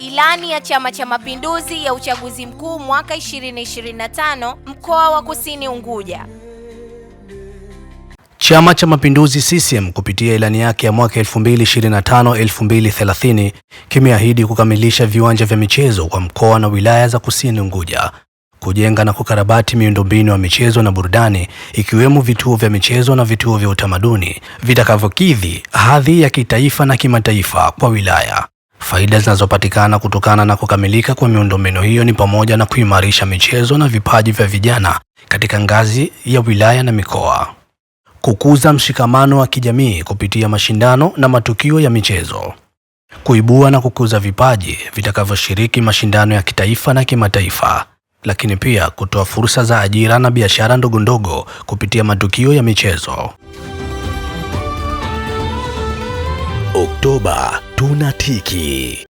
Ilani ya Chama cha Mapinduzi ya uchaguzi mkuu mwaka 2025 mkoa wa Kusini Unguja. Chama cha Mapinduzi CCM kupitia ilani yake ya mwaka 2025-2030 kimeahidi kukamilisha viwanja vya michezo kwa mkoa na wilaya za Kusini Unguja, kujenga na kukarabati miundombinu ya michezo na burudani ikiwemo vituo vya michezo na vituo vya utamaduni vitakavyokidhi hadhi ya kitaifa na kimataifa kwa wilaya. Faida zinazopatikana kutokana na kukamilika kwa miundombinu hiyo ni pamoja na kuimarisha michezo na vipaji vya vijana katika ngazi ya wilaya na mikoa, kukuza mshikamano wa kijamii kupitia mashindano na matukio ya michezo, kuibua na kukuza vipaji vitakavyoshiriki mashindano ya kitaifa na kimataifa, lakini pia kutoa fursa za ajira na biashara ndogo ndogo kupitia matukio ya michezo. Oktoba tunatiki.